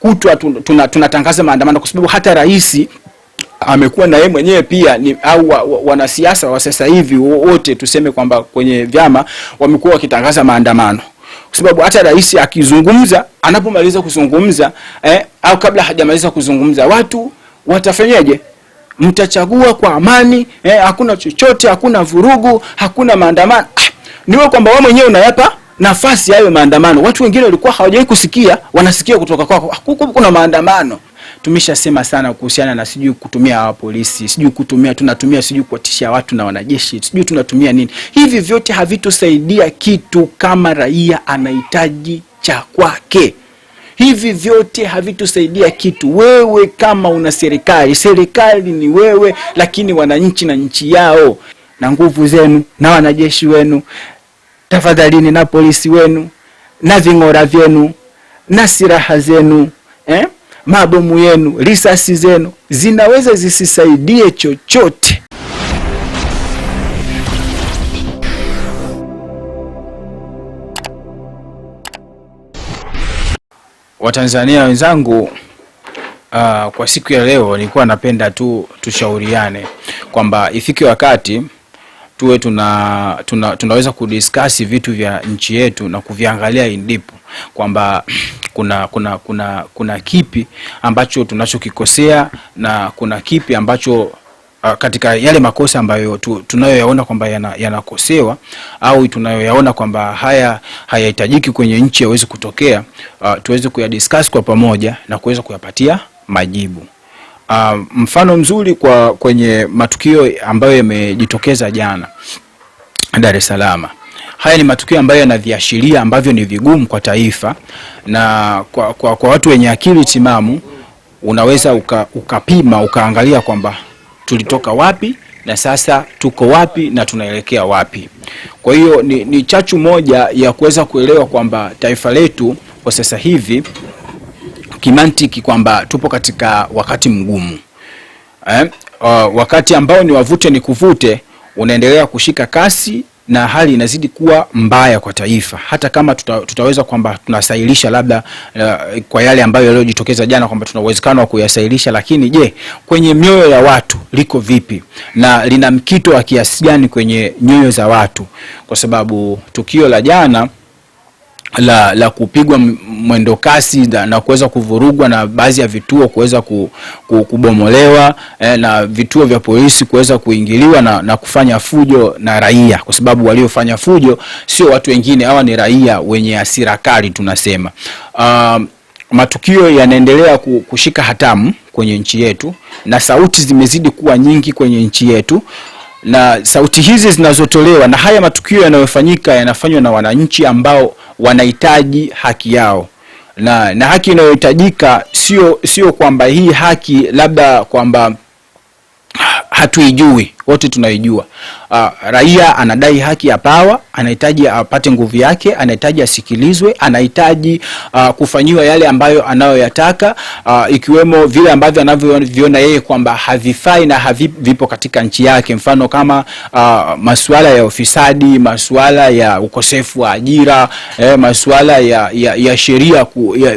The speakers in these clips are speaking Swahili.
kutwa tunatangaza tuna, tuna maandamano kwa sababu hata rais amekuwa na yeye mwenyewe pia ni au wanasiasa wa, wa, wa sasa hivi wote tuseme kwamba kwenye vyama wamekuwa wakitangaza maandamano kwa sababu hata rais akizungumza, anapomaliza kuzungumza eh, au kabla hajamaliza kuzungumza, watu watafanyaje? Mtachagua kwa amani eh, hakuna chochote, hakuna vurugu, hakuna maandamano. Ah, niwe kwamba wewe mwenyewe unayapa nafasi yayo maandamano. Watu wengine walikuwa hawajawahi kusikia, wanasikia kutoka kwako, huko kuna maandamano. Tumeshasema sana kuhusiana na sijui kutumia wa polisi, sijui kutumia tunatumia, sijui kuwatishia watu na wanajeshi, sijui tunatumia nini. Hivi vyote havitosaidia kitu kama raia anahitaji cha kwake. Hivi vyote havitusaidia kitu. Wewe kama una serikali, serikali ni wewe, lakini wananchi na nchi yao na nguvu zenu na wanajeshi wenu tafadhalini na polisi wenu na ving'ora vyenu na silaha zenu eh? mabomu yenu, risasi zenu zinaweza zisisaidie chochote. Watanzania wenzangu, uh, kwa siku ya leo nilikuwa napenda tu tushauriane kwamba ifike wakati tuwe tuna, tuna, tunaweza kudiskasi vitu vya nchi yetu na kuviangalia indipo kwamba kuna, kuna, kuna, kuna kipi ambacho tunachokikosea na kuna kipi ambacho Uh, katika yale makosa ambayo tu, tunayoyaona kwamba yanakosewa yana au tunayoyaona kwamba haya hayahitajiki kwenye nchi yawezi kutokea, uh, tuweze kuyadiskasi kwa pamoja na kuweza kuyapatia majibu. Uh, mfano mzuri kwa kwenye matukio ambayo yamejitokeza jana Dar es Salaam. Haya ni matukio ambayo yanaviashiria ambavyo ni vigumu kwa taifa na kwa, kwa, kwa watu wenye akili timamu unaweza uka, ukapima ukaangalia kwamba tulitoka wapi na sasa tuko wapi na tunaelekea wapi. Kwa hiyo ni, ni chachu moja ya kuweza kuelewa kwamba taifa letu kwa sasa hivi kimantiki kwamba tupo katika wakati mgumu eh? Uh, wakati ambao ni wavute ni kuvute unaendelea kushika kasi na hali inazidi kuwa mbaya kwa taifa, hata kama tuta, tutaweza kwamba tunasailisha labda uh, kwa yale ambayo yaliyojitokeza jana kwamba tuna uwezekano wa kuyasailisha lakini je, kwenye mioyo ya watu liko vipi na lina mkito wa kiasi gani kwenye nyoyo za watu? Kwa sababu tukio la jana la, la kupigwa mwendo kasi na, na kuweza kuvurugwa na baadhi ya vituo kuweza kubomolewa eh, na vituo vya polisi kuweza kuingiliwa na, na kufanya fujo na raia, kwa sababu waliofanya fujo sio watu wengine, hawa ni raia wenye hasira kali tunasema. Uh, matukio yanaendelea kushika hatamu kwenye nchi yetu na sauti zimezidi kuwa nyingi kwenye nchi yetu na sauti hizi zinazotolewa na haya matukio yanayofanyika yanafanywa na wananchi ambao wanahitaji haki yao na, na haki inayohitajika sio sio kwamba hii haki labda kwamba hatuijui, wote tunaijua. Uh, raia anadai haki ya pawa, anahitaji apate nguvu yake, anahitaji asikilizwe, anahitaji uh, kufanyiwa yale ambayo anayoyataka, uh, ikiwemo vile ambavyo anavyoviona yeye kwamba havifai na havipo katika nchi yake, mfano kama uh, masuala ya ufisadi, masuala ya ukosefu wa ajira, eh, masuala ya, ya, ya sheria,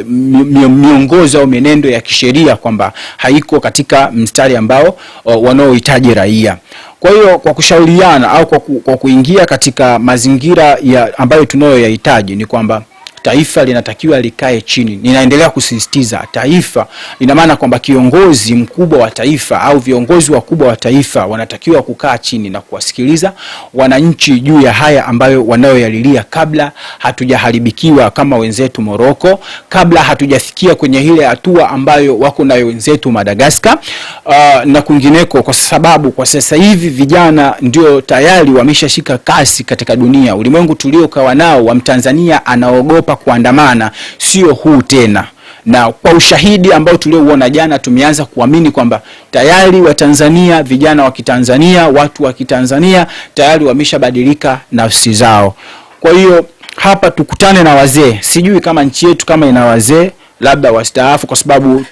miongozo au mienendo ya kisheria kwamba haiko katika mstari ambao uh, wanaohitaji mahitaji raia. Kwa hiyo kwa kushauriana au kwa, ku, kwa kuingia katika mazingira ya ambayo tunayoyahitaji ni kwamba taifa linatakiwa likae chini. Ninaendelea kusisitiza taifa, ina maana kwamba kiongozi mkubwa wa taifa au viongozi wakubwa wa taifa wanatakiwa kukaa chini na kuwasikiliza wananchi juu ya haya ambayo wanayoyalilia, kabla hatujaharibikiwa kama wenzetu Moroko, kabla hatujafikia kwenye ile hatua ambayo wako nayo wenzetu Madagaskar, uh, na kwingineko, kwa sababu kwa sasa hivi vijana ndio tayari wameshashika kasi katika dunia. Ulimwengu tuliokawa nao wa Mtanzania anaogopa hapa kuandamana sio huu tena, na kwa ushahidi ambao tuliouona jana, tumeanza kuamini kwamba tayari Watanzania, vijana wa Kitanzania, watu wa Kitanzania tayari wameshabadilika nafsi zao. Kwa hiyo hapa tukutane na wazee, sijui kama nchi yetu kama ina wazee labda wastaafu, kwa sababu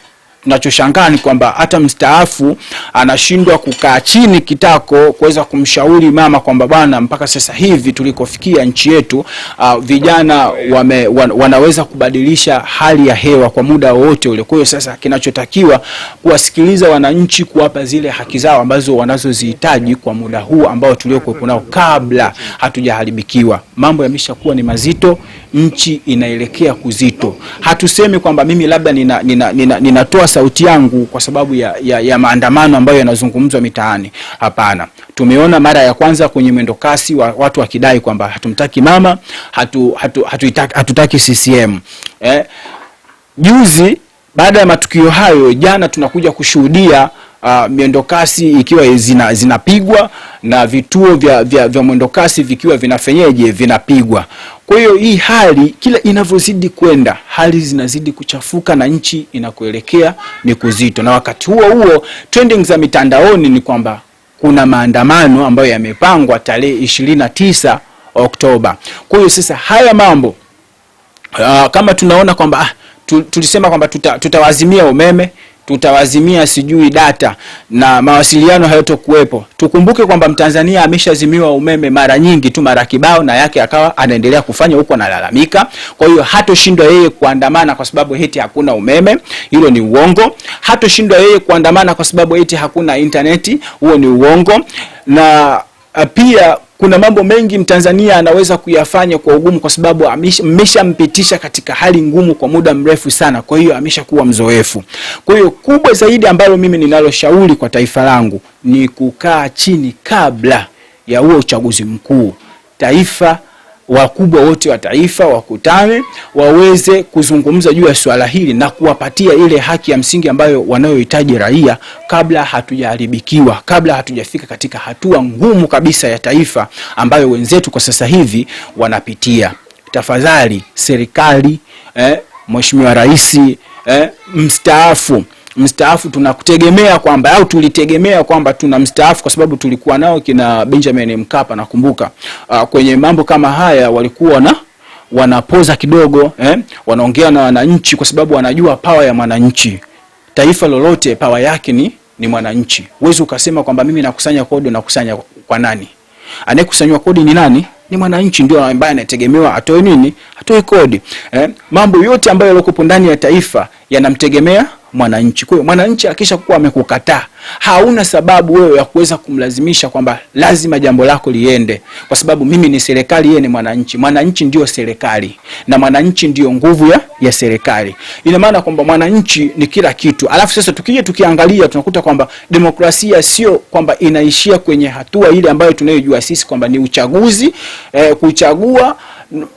tunachoshangaa ni kwamba hata mstaafu anashindwa kukaa chini kitako kuweza kumshauri mama kwamba bwana, mpaka sasa hivi tulikofikia nchi yetu, uh, vijana wame, wan, wanaweza kubadilisha hali ya hewa kwa muda wowote ule. Kwa hiyo sasa kinachotakiwa kuwasikiliza wananchi, kuwapa zile haki zao ambazo wanazozihitaji kwa muda huu ambao tuliokuwepo nao kabla hatujaharibikiwa. Mambo yameshakuwa ni mazito, nchi inaelekea kuzi wito. Hatusemi kwamba mimi labda ninatoa nina, nina, nina sauti yangu kwa sababu ya, ya, ya maandamano ambayo yanazungumzwa mitaani. Hapana, tumeona mara ya kwanza kwenye mwendo kasi wa, watu wakidai kwamba hatumtaki mama hatu, hatu, hatuitaki, hatutaki CCM eh. Juzi baada ya matukio hayo, jana tunakuja kushuhudia uh, ah, miendokasi ikiwa zina, zinapigwa na vituo vya, vya, vya mwendokasi vikiwa vinafenyeje vinapigwa. Kwa hiyo hii hali kila inavyozidi kwenda, hali zinazidi kuchafuka na nchi inakuelekea ni kuzito, na wakati huo huo trending za mitandaoni ni kwamba kuna maandamano ambayo yamepangwa tarehe ishirini na tisa Oktoba. Kwa hiyo sasa haya mambo uh, kama tunaona kwamba ah, tulisema kwamba tutawazimia tuta umeme tutawazimia sijui data na mawasiliano hayotokuwepo. Tukumbuke kwamba Mtanzania ameshazimiwa umeme mara nyingi tu, mara kibao, na yake akawa anaendelea kufanya huko, analalamika. Kwa hiyo hatoshindwa yeye kuandamana kwa sababu eti hakuna umeme, hilo ni uongo. Hatoshindwa yeye kuandamana kwa sababu eti hakuna intaneti, huo ni uongo na Ah, pia kuna mambo mengi Mtanzania anaweza kuyafanya kwa ugumu, kwa sababu mmeshampitisha katika hali ngumu kwa muda mrefu sana, kwa hiyo ameshakuwa mzoefu. Kwa hiyo kubwa zaidi ambalo mimi ninaloshauri kwa taifa langu ni kukaa chini kabla ya huo uchaguzi mkuu taifa wakubwa wote wa taifa wakutane, waweze kuzungumza juu ya swala hili na kuwapatia ile haki ya msingi ambayo wanayohitaji raia, kabla hatujaharibikiwa, kabla hatujafika katika hatua ngumu kabisa ya taifa ambayo wenzetu kwa sasa hivi wanapitia. Tafadhali serikali eh, Mheshimiwa Rais eh, mstaafu mstaafu tunakutegemea kwamba au tulitegemea kwamba tuna mstaafu kwa sababu tulikuwa nao kina Benjamin Mkapa. Nakumbuka uh, kwenye mambo kama haya walikuwa na wanapoza kidogo eh, wanaongea na wananchi kwa sababu wanajua pawa ya mwananchi. Taifa lolote pawa yake ni ni mwananchi. Huwezi ukasema kwamba mimi nakusanya kodi, nakusanya kwa nani? Anayekusanywa kodi ni nani? Ni mwananchi, ndio ambaye anategemewa atoe nini? Atoe kodi eh. Mambo yote ambayo yalokupo ndani ya taifa yanamtegemea mwananchi. Kwa hiyo mwananchi kuwa amekukataa, hauna sababu wewe ya kuweza kumlazimisha kwamba lazima jambo lako liende, kwa sababu mimi ni serikali, yeye ni mwananchi. Mwananchi ndio serikali na mwananchi ndio nguvu ya, ya serikali. Ina maana kwamba mwananchi ni kila kitu. Alafu sasa tukija tukiangalia, tunakuta kwamba demokrasia sio kwamba inaishia kwenye hatua ile ambayo tunayojua sisi kwamba ni uchaguzi eh, kuchagua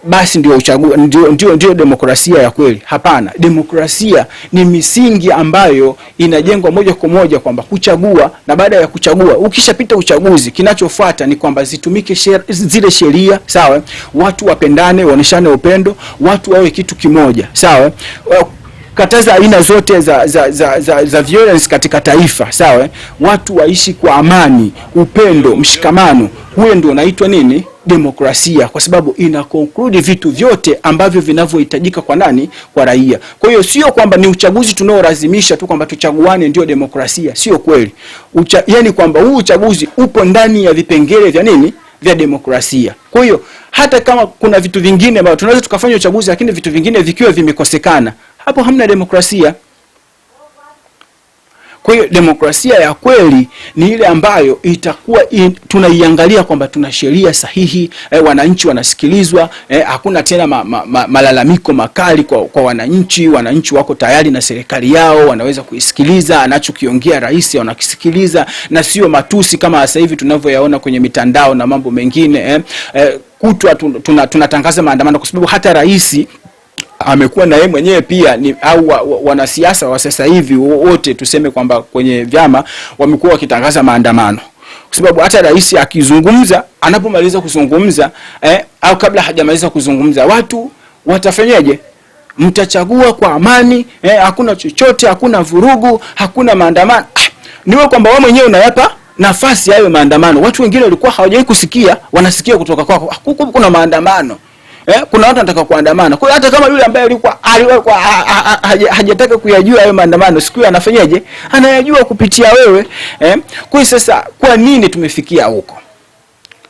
basi ndio, ndio, ndio, ndio demokrasia ya kweli. Hapana, demokrasia ni misingi mingi ambayo inajengwa moja kwa moja kwamba kuchagua na baada ya kuchagua, ukishapita uchaguzi, kinachofuata ni kwamba zitumike sher, zile sheria sawa, watu wapendane, waoneshane upendo, watu wawe kitu kimoja sawa kataza aina zote za, za, za, za, za violence katika taifa sawa. Watu waishi kwa amani, upendo, mshikamano. Huyo ndio unaitwa nini? demokrasia kwa sababu ina conclude vitu vyote ambavyo vinavyohitajika kwa nani? Kwa raia. Kwa hiyo sio kwamba ni uchaguzi tunaolazimisha tu kwamba tuchaguane ndio demokrasia, sio kweli. Ucha, yani kwamba huu uchaguzi upo ndani ya vipengele vya nini? Vya demokrasia. Kwa hiyo hata kama kuna vitu vingine ambavyo tunaweza tukafanya uchaguzi, lakini vitu vingine vikiwa vimekosekana, hapo hamna demokrasia. Kwa hiyo demokrasia ya kweli ni ile ambayo itakuwa in, tunaiangalia kwamba tuna sheria sahihi eh, wananchi wanasikilizwa eh, hakuna tena ma, ma, ma, malalamiko makali kwa, kwa wananchi. Wananchi wako tayari na serikali yao, wanaweza kuisikiliza, anachokiongea rais wanakisikiliza, na sio matusi kama sasa hivi tunavyoyaona kwenye mitandao na mambo mengine eh, eh, kutwa tunatangaza tuna, tuna maandamano kwa sababu hata rais amekuwa na yeye mwenyewe pia ni, au wa, wa, wanasiasa wa sasa hivi wote tuseme kwamba kwenye vyama wamekuwa wakitangaza maandamano kwa sababu hata rais akizungumza anapomaliza kuzungumza eh, au kabla hajamaliza kuzungumza watu watafanyaje? Mtachagua kwa amani eh, hakuna chochote, hakuna vurugu, hakuna maandamano. Ah, niwe kwamba wewe mwenyewe unayapa nafasi hayo maandamano. Watu wengine walikuwa hawajawahi kusikia, wanasikia kutoka kwako, ah, kuna maandamano. Eh, kuna watu wanataka kuandamana. Kwa hata kama yule ambaye alikuwa alikuwa hajataka kuyajua hayo maandamano, siku hiyo anafanyaje? Anayajua kupitia wewe. Eh, kwa hiyo sasa kwa nini tumefikia huko?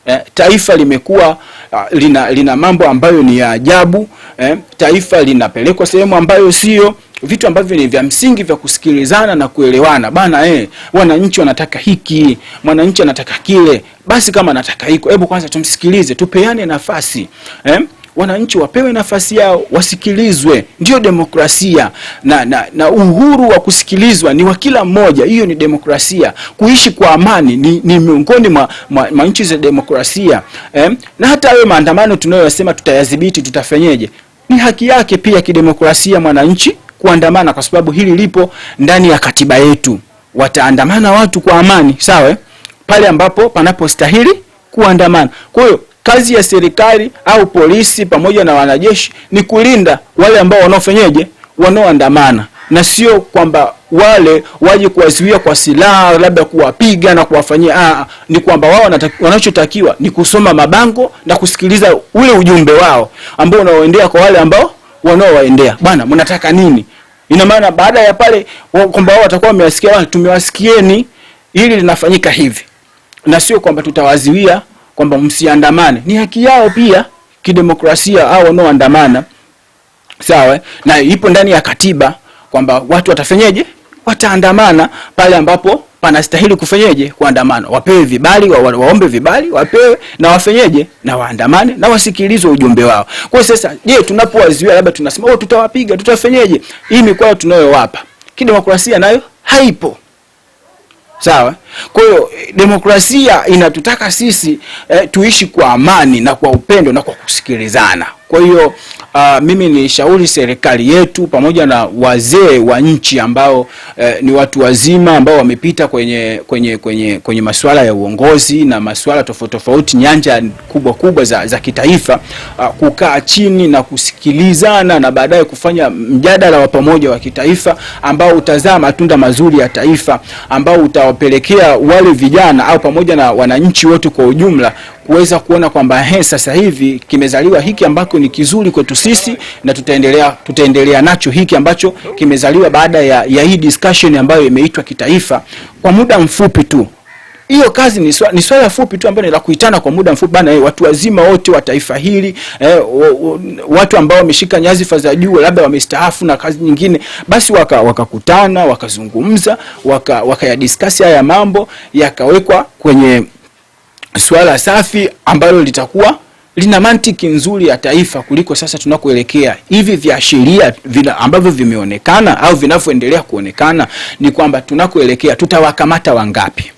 Eh, taifa limekuwa ah, lina, lina mambo ambayo ni ya ajabu eh, taifa linapelekwa sehemu ambayo sio vitu ambavyo ni vya msingi vya kusikilizana na kuelewana bana. Eh, wananchi wanataka hiki, mwananchi anataka kile, basi kama anataka hiko, hebu kwanza tumsikilize, tupeane nafasi eh wananchi wapewe nafasi yao, wasikilizwe, ndiyo demokrasia. Na, na, na uhuru wa kusikilizwa ni wa kila mmoja, hiyo ni demokrasia. Kuishi kwa amani ni, ni miongoni mwa, mwa, mwa nchi za demokrasia eh? Na hata hayo maandamano tunayoyasema tutayadhibiti, tutafanyeje? Ni haki yake pia kidemokrasia mwananchi kuandamana, kwa sababu hili lipo ndani ya katiba yetu. Wataandamana watu kwa amani, sawa, eh? pale ambapo panapostahili kuandamana. Kwa hiyo kazi ya serikali au polisi pamoja na wanajeshi ni kulinda wale ambao wanaofanyeje, wanaoandamana na sio kwamba wale waje kuwazuia kwa silaha labda kuwapiga na kuwafanyia. Aa, ni kwamba wao wanachotakiwa ni kusoma mabango na kusikiliza ule ujumbe wao ambao unaoendea kwa wale ambao wanaowaendea. Bwana, mnataka nini? Ina maana baada ya pale kwamba wao watakuwa wamewasikia, tumewasikieni, hili linafanyika hivi, na sio kwamba tutawaziwia kwamba msiandamane, ni haki yao pia kidemokrasia, au wanaoandamana sawa, na ipo ndani ya katiba kwamba watu watafanyeje, wataandamana pale ambapo panastahili kufenyeje kuandamana, wapewe vibali wa, waombe vibali wapewe na wafenyeje na waandamane na wasikilizwe ujumbe wao. Kwa sasa, je, tunapowazuia labda tunasema oh, tutawapiga tutafenyeje, hii mikoa tunayowapa kidemokrasia nayo haipo. Sawa. Kwa hiyo eh, demokrasia inatutaka sisi eh, tuishi kwa amani na kwa upendo na kwa kusikilizana. Kwa hiyo uh, mimi ni shauri serikali yetu pamoja na wazee wa nchi ambao uh, ni watu wazima ambao wamepita kwenye, kwenye, kwenye, kwenye masuala ya uongozi na masuala tofauti tofauti nyanja kubwa kubwa za, za kitaifa uh, kukaa chini na kusikilizana na baadaye kufanya mjadala wa pamoja wa kitaifa ambao utazaa matunda mazuri ya taifa ambao utawapelekea wale vijana au pamoja na wananchi wote kwa ujumla kuweza kuona kwamba he, sasa hivi kimezaliwa hiki ambako ni kizuri kwetu sisi na tutaendelea, tutaendelea nacho hiki ambacho kimezaliwa baada ya, ya hii discussion ambayo imeitwa kitaifa kwa muda mfupi tu. Hiyo kazi ni swala, ni swala fupi tu ambayo ni la kuitana kwa muda mfupi bana, watu wazima wote wa taifa hili eh, watu ambao wameshika nyadhifa za juu labda wamestaafu na kazi nyingine, basi wakakutana waka wakazungumza wakayadiskasi waka haya mambo yakawekwa kwenye swala safi ambalo litakuwa lina mantiki nzuri ya taifa kuliko sasa tunakoelekea. Hivi viashiria ambavyo vimeonekana au vinavyoendelea kuonekana ni kwamba tunakoelekea tutawakamata wangapi?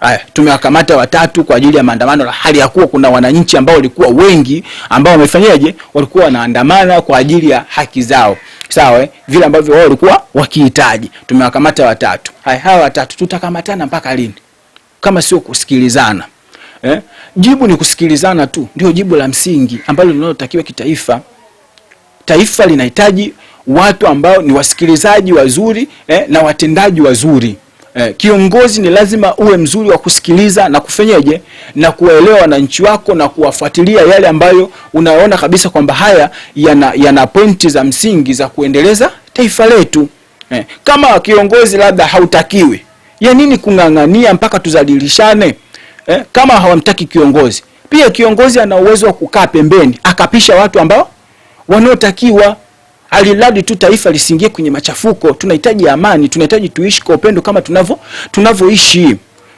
Haya, tumewakamata watatu kwa ajili ya maandamano, hali ya kuwa kuna wananchi ambao walikuwa wengi ambao wamefanyaje, walikuwa wanaandamana kwa ajili ya haki zao, sawa, eh? vile ambavyo wao walikuwa wakihitaji. Tumewakamata watatu. Haya, hawa watatu tutakamatana mpaka lini kama sio kusikilizana? eh? Jibu ni kusikilizana tu, ndio jibu la msingi ambalo linalotakiwa kitaifa. Taifa linahitaji watu ambao ni wasikilizaji wazuri eh, na watendaji wazuri eh. Kiongozi ni lazima uwe mzuri wa kusikiliza na kufenyeje na kuwaelewa wananchi wako na kuwafuatilia yale ambayo unaona kabisa kwamba haya yana, yana pointi za msingi za kuendeleza taifa letu eh. Kama kiongozi labda hautakiwi, ya nini kung'ang'ania mpaka tuzalilishane? eh, kama hawamtaki kiongozi, pia kiongozi ana uwezo wa kukaa pembeni akapisha watu ambao wanaotakiwa, aliladi tu taifa lisingie kwenye machafuko. Tunahitaji amani, tunahitaji tuishi kwa upendo kama tunavyo tunavyoishi.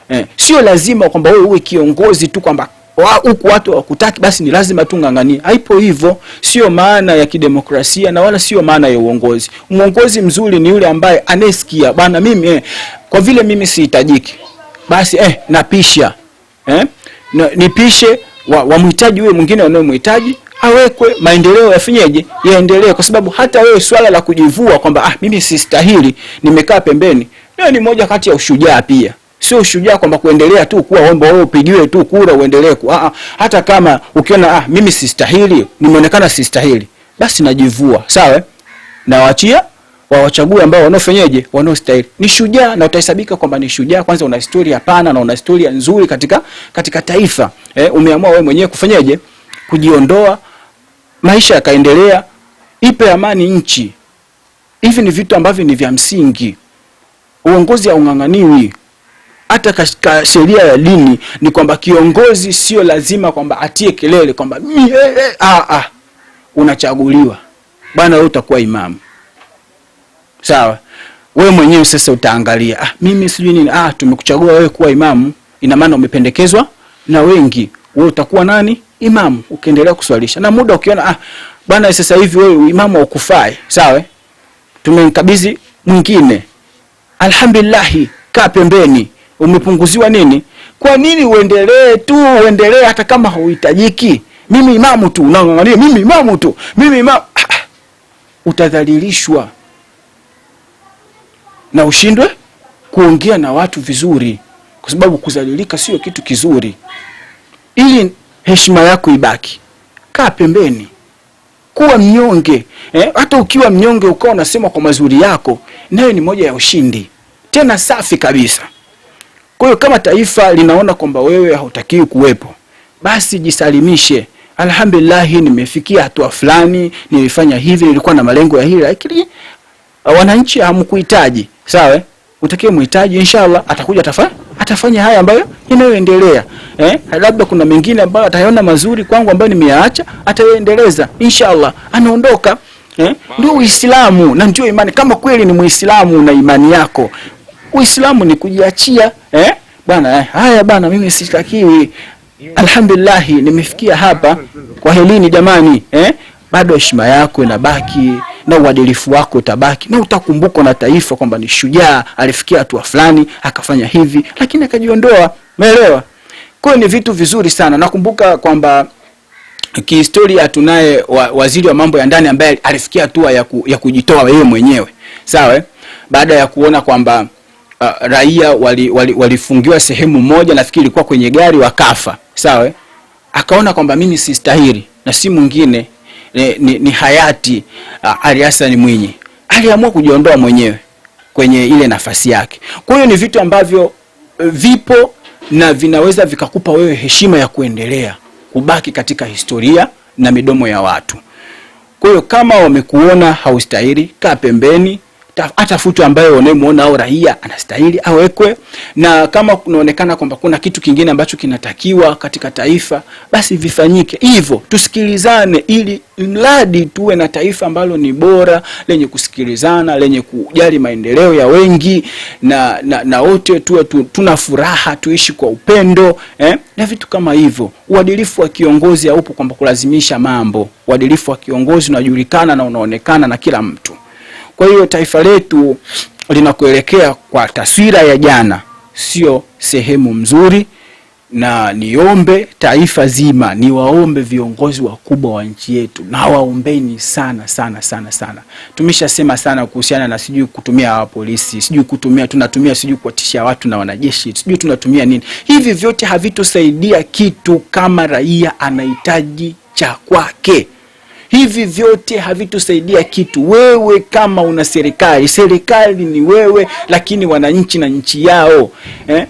Eh, sio lazima kwamba wewe uwe kiongozi tu kwamba wa, huku watu hawakutaki basi ni lazima tu tung'ang'anie. Haipo hivyo, sio maana ya kidemokrasia na wala sio maana ya uongozi. Mwongozi mzuri ni yule ambaye anayesikia bwana, mimi eh, kwa vile mimi sihitajiki basi eh, napisha eh? na, nipishe wamhitaji wa huyo mwingine wanayemhitaji awekwe, maendeleo yafinyeje yaendelee, kwa sababu hata wewe swala la kujivua kwamba ah, mimi sistahili nimekaa pembeni, leo ni moja kati ya ushujaa pia sio ushujaa kwamba kuendelea tu kuwa omba wewe oh, upigiwe tu kura uendelee ah, ah, Hata kama ukiona ah, mimi sistahili, nimeonekana sistahili, basi najivua, sawa, nawaachia wawachague ambao wanaofanyeje wanaostahili. Ni shujaa na utahesabika kwamba ni shujaa, kwanza una historia pana na una historia nzuri katika katika taifa eh, umeamua wewe mwenyewe kufanyaje kujiondoa, maisha yakaendelea, ipe amani nchi. Hivi ni vitu ambavyo ni vya msingi. Uongozi haung'ang'aniwi hata katika sheria ya dini ni kwamba kiongozi sio lazima kwamba atie kelele kwamba mi, eh, eh, ah, ah. Unachaguliwa bwana, wewe utakuwa imamu sawa. Wewe mwenyewe sasa utaangalia, ah, mimi sijui nini, ah, tumekuchagua wewe kuwa imamu, ina maana umependekezwa na wengi, wewe utakuwa nani? Imamu. Ukiendelea kuswalisha na muda ukiona, ah, bwana, sasa hivi wewe imamu haukufai, sawa, tumemkabidhi mwingine, alhamdulillah, kaa pembeni, umepunguziwa nini? Kwa nini uendelee tu uendelee hata kama hauhitajiki? Mimi imamu tu, unaangalia mimi imamu tu, mimi imamu, ah, ah, utadhalilishwa na ushindwe kuongea na watu vizuri, kwa sababu kuzalilika sio kitu kizuri. Ili heshima yako ibaki, kaa pembeni, kuwa mnyonge eh. Hata ukiwa mnyonge ukawa unasema kwa mazuri yako, nayo ni moja ya ushindi, tena safi kabisa. Kwa hiyo kama taifa linaona kwamba wewe hautakiwi kuwepo, basi jisalimishe. Alhamdulillah, nimefikia hatua fulani, nilifanya hivi, nilikuwa na malengo ya hili, lakini eh, wananchi hamkuhitaji sawa, eh? utakiwa mhitaji, inshallah atakuja atafa, atafanya haya ambayo yanayoendelea eh, labda kuna mengine ambayo atayaona mazuri kwangu ambayo nimeyaacha atayaendeleza, inshallah anaondoka eh. Ndio Uislamu na ndio imani. Kama kweli ni Muislamu na imani yako, Uislamu ni kujiachia eh bwana eh, haya bwana, mimi sitakiwi Alhamdulillah, nimefikia hapa kwa helini jamani, eh? Bado heshima yako inabaki na uadilifu wako utabaki na utakumbukwa na taifa kwamba ni shujaa, alifikia hatua fulani akafanya hivi, lakini akajiondoa. Umeelewa? Kwa hiyo ni vitu vizuri sana. Nakumbuka kwamba kihistoria tunaye wa, waziri wa mambo ya ndani ambaye alifikia hatua ya, ku, ya kujitoa yeye mwenyewe sawa, eh? baada ya kuona kwamba uh, raia walifungiwa wali, wali sehemu moja, nafikiri ilikuwa kwenye gari wakafa, sawa. Eh? Akaona kwamba mimi sistahili na si mwingine ni, ni, ni hayati uh, Ali Hassan Mwinyi aliamua kujiondoa mwenyewe kwenye ile nafasi yake. Kwa hiyo ni vitu ambavyo uh, vipo na vinaweza vikakupa wewe heshima ya kuendelea kubaki katika historia na midomo ya watu. Kwa hiyo kama wamekuona haustahili, kaa pembeni, hata futu ambayo unayemwona au raia anastahili awekwe, na kama kunaonekana kwamba kuna kitu kingine ambacho kinatakiwa katika taifa, basi vifanyike hivyo, tusikilizane, ili mradi tuwe na taifa ambalo ni bora, lenye kusikilizana, lenye kujali maendeleo ya wengi, na na, na wote tuwe tu, tuna furaha, tuishi kwa upendo eh, na vitu kama hivyo. Uadilifu wa kiongozi haupo kwamba kulazimisha mambo. Uadilifu wa kiongozi unajulikana na unaonekana na kila mtu. Kwa hiyo taifa letu linakuelekea kwa taswira ya jana, sio sehemu mzuri, na niombe taifa zima, niwaombe viongozi wakubwa wa nchi yetu, na waombeni sana sana sana sana. Tumeshasema sana kuhusiana na sijui kutumia polisi, sijui kutumia tunatumia sijui kuwatisha watu na wanajeshi, sijui tunatumia nini. Hivi vyote havitusaidia kitu kama raia anahitaji cha kwake. Hivi vyote havitusaidia kitu. Wewe kama una serikali, serikali ni wewe, lakini wananchi na nchi yao eh?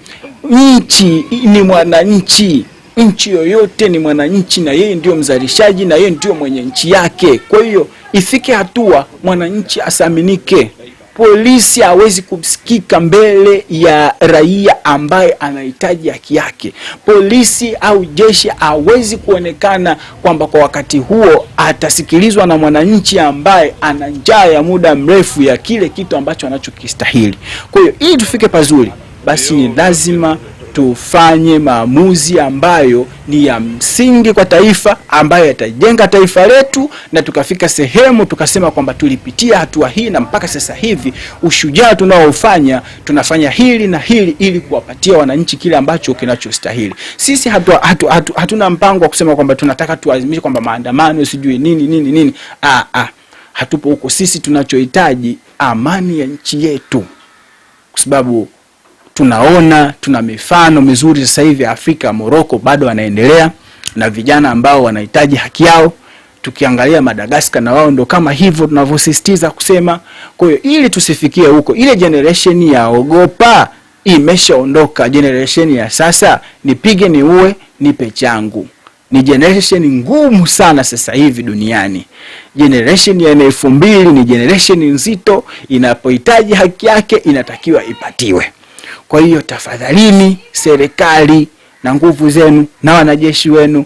Nchi ni mwananchi nchi yoyote ni mwananchi, na yeye ndio mzalishaji, na yeye ndio mwenye nchi yake. Kwa hiyo ifike hatua mwananchi asaminike polisi hawezi kusikika mbele ya raia ambaye anahitaji haki yake. Polisi au jeshi hawezi kuonekana kwamba kwa wakati huo atasikilizwa na mwananchi ambaye ana njaa ya muda mrefu ya kile kitu ambacho anachokistahili. Kwa hiyo ili tufike pazuri, basi ni lazima tufanye maamuzi ambayo ni ya msingi kwa taifa, ambayo yatajenga taifa letu, na tukafika sehemu tukasema kwamba tulipitia hatua hii na mpaka sasa hivi ushujaa tunaofanya tunafanya hili na hili ili kuwapatia wananchi kile ambacho kinachostahili. Sisi hatu, hatu, hatu, hatuna mpango wa kusema kwamba tunataka tuazimishe kwamba maandamano sijui nini nini nini. Aa, aa, hatupo huko. Sisi tunachohitaji amani ya nchi yetu, kwa sababu tunaona tuna mifano mizuri sasa hivi Afrika, Morocco bado wanaendelea na vijana ambao wanahitaji haki yao. Tukiangalia Madagascar na wao ndo kama hivyo tunavyosisitiza kusema. Kwa hiyo ili tusifikie huko, ile generation ya ogopa imeshaondoka. Generation ya sasa nipige ni uwe nipe changu ni generation ngumu sana sasa hivi duniani. Generation ya elfu mbili ni generation nzito, inapohitaji haki yake inatakiwa ipatiwe. Kwa hiyo tafadhalini, serikali na nguvu zenu na wanajeshi wenu,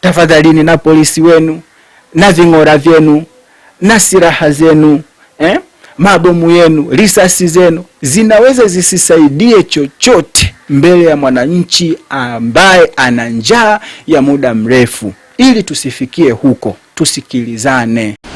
tafadhalini na polisi wenu na ving'ora vyenu na silaha zenu eh, mabomu yenu, risasi zenu zinaweza zisisaidie chochote mbele ya mwananchi ambaye ana njaa ya muda mrefu. Ili tusifikie huko, tusikilizane.